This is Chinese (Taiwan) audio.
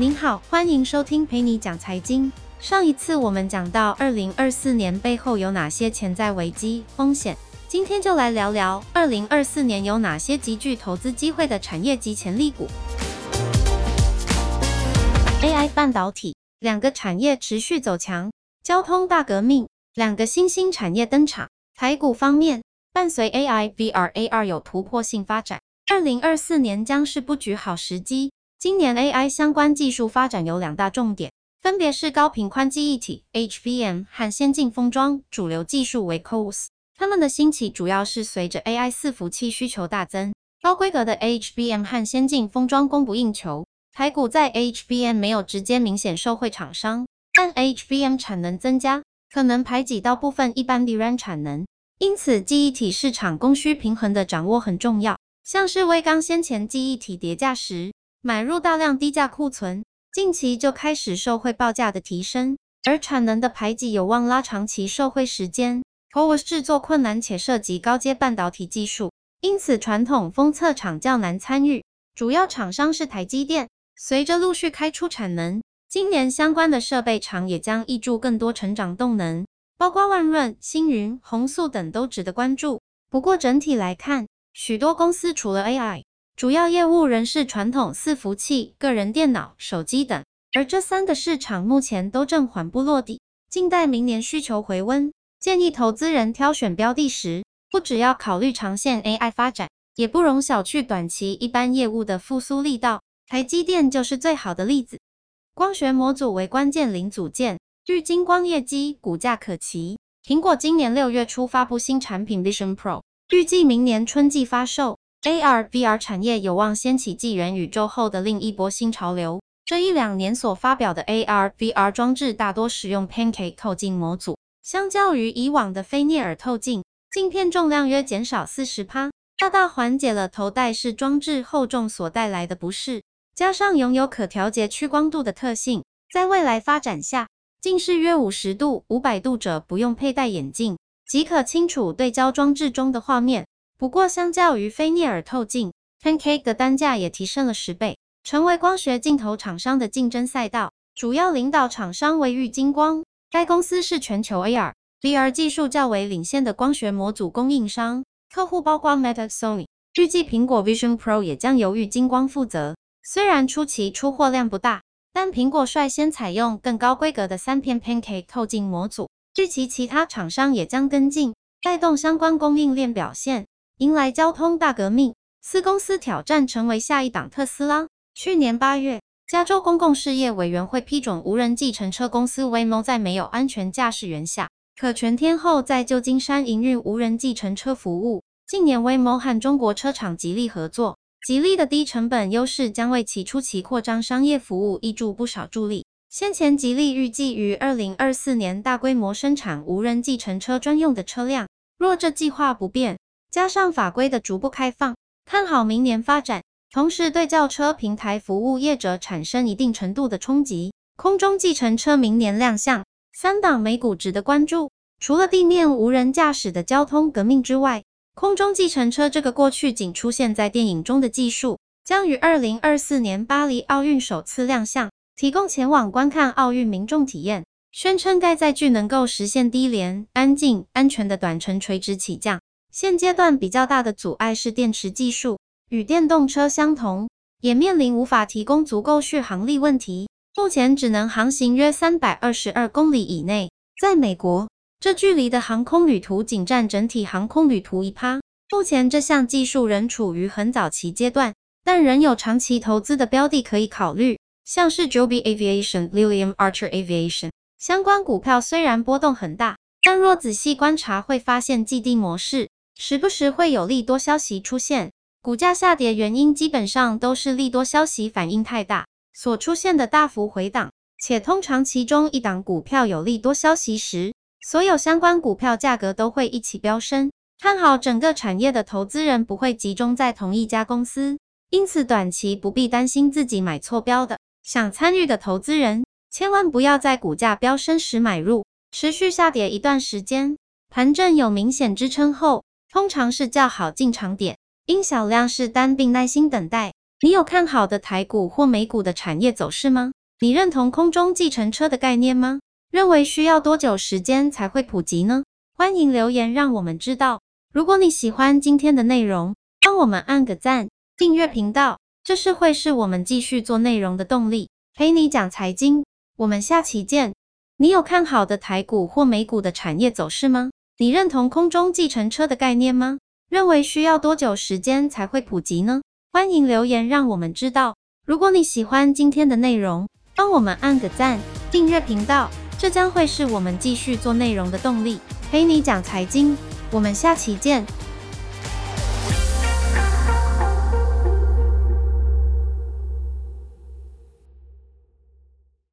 您好，歡迎收聽裴妮講財經。上一次我們講到二零二四年背後有哪些潛在危機、風險，今天就來聊聊二零二四年有哪些極具投資機會的產業及潛力股。AI、半導體兩個產業持續走強，交通大革命，兩個新興產業登場。台股方面，伴隨 AI、VR、AR 有突破性發展，二零二四年將是布局好時機。今年 AI 相關技術發展有兩大重點，分別是高頻寬記憶體 HBM 和先進封裝，主流技術為 CoWoS。它們的興起主要是隨着 AI 伺服器需求大增，高規格的 HBM 和先進封裝供不應求。台股在 HBM 沒有直接明顯受惠廠商，但 HBM 產能增加可能排擠到部分一般的 DRAM 產能，因此記憶體市場供需平衡的掌握很重要。像是威剛先前記憶體疊價時。買入大量低價庫存，近期就開始受惠報價的提升，而產能的排擠有望拉長其受惠時間。CoWoS 製作困難且涉及高階半導體技術，因此傳統封測廠較難參與，主要廠商是台積電。隨着陸續開出產能，今年相關的設備廠也將挹注更多成長動能，包括萬潤、星雲、弘塑等都值得關注。不過整體來看，許多公司除了 AI。主要業務仍是傳統伺服器、個人電腦、手機等，而這三個市場目前都正緩步落地，靜待明年需求回溫。建議投資人挑選標的時，不只要考慮長線 AI 發展，也不容小覷短期一般業務的復甦力道。台積電就是最好的例子，光學模組為關鍵零組件，玉晶光業績股價可期。蘋果今年六月初發布新產品 Vision Pro，預計明年春季發售。AR/VR 產業有望掀起繼元宇宙後的另一波新潮流。這一兩年所發表的 AR/VR 裝置大多使用 Pancake 透鏡模組，相較於以往的菲涅爾透鏡，鏡片重量約減少四十趴，大大緩解了頭戴式裝置厚重所帶來的不適。加上擁有可調節屈光度的特性，在未來發展下，近視約五十度、五百度者不用佩戴眼鏡，即可清楚對焦裝置中的畫面。不過，相較於菲涅爾透鏡，Pancake 的單價也提升了十倍，成為光學鏡頭廠商的競爭賽道。主要領導廠商為玉晶光，該公司是全球 AR VR 技術較為領先的光學模組供應商，客戶包括 Meta、Sony。預計蘋果 Vision Pro 也將由玉晶光負責。雖然初期出貨量不大，但蘋果率先採用更高規格的三片 Pancake 透鏡模組，預期其他廠商也將跟進，帶動相關供應鏈表現。迎來交通大革命，四公司挑戰成為下一檔特斯拉。去年八月，加州公共事業委員會批准無人計程車公司 Waymo 在沒有安全駕駛員下，可全天候在舊金山營運無人計程車服務。近年 Waymo 和中國車廠吉利合作，吉利的低成本優勢將為其初期擴張商業服務挹注不少助力。先前，吉利預計於二零二四年大規模生產無人計程車專用的車輛，若這計劃不變。加上法規的逐步開放，看好明年發展，同時對轎車平台服務業者產生一定程度的衝擊。空中計程車明年亮相，三檔美股值得關注。除了地面無人駕駛的交通革命之外，空中計程車這個過去僅出現在電影中的技術，將於二零二四年巴黎奧運首次亮相，提供前往觀看奧運民眾體驗，宣稱該載具能夠實現低廉、安靜、安全的短程垂直起降。現階段比較大的阻礙是電池技術，與電動車相同，也面臨無法提供足夠續航力問題。目前只能航行約三百二十二公里以內，在美國，這距離的航空旅途僅占整體航空旅途一趴。目前這項技術仍處於很早期階段，但仍有長期投資的標的可以考慮，像是 Joby Aviation、Lilium Archer Aviation 相關股票雖然波動很大，但若仔細觀察會發現既定模式。時不時會有利多消息出現，股價下跌原因基本上都是利多消息反應太大所出現的大幅回檔，且通常其中一檔股票有利多消息時，所有相關股票價格都會一起飆升。看好整個產業的投資人不會集中在同一家公司，因此短期不必擔心自己買錯標的。想參與的投資人千萬不要在股價飆升時買入，持續下跌一段時間，盤整有明顯支撐後。通常是較好進場點，因小量試單並耐心等待。你有看好的台股或美股的產業走勢嗎？你認同空中計程車的概念嗎？認為需要多久時間才會普及呢？歡迎留言讓我們知道。如果你喜歡今天的內容，幫我們按個讚，訂閱頻道，這是會是我們繼續做內容的動力。裴妮講財經，我們下期見。你有看好的台股或美股的產業走勢嗎？你認同空中計程車的概念嗎？認為需要多久時間才會普及呢？歡迎留言讓我們知道。如果你喜歡今天的內容，幫我們按個讚，訂閱頻道，這將會是我們繼續做內容的動力。裴妮講財經，我們下期見。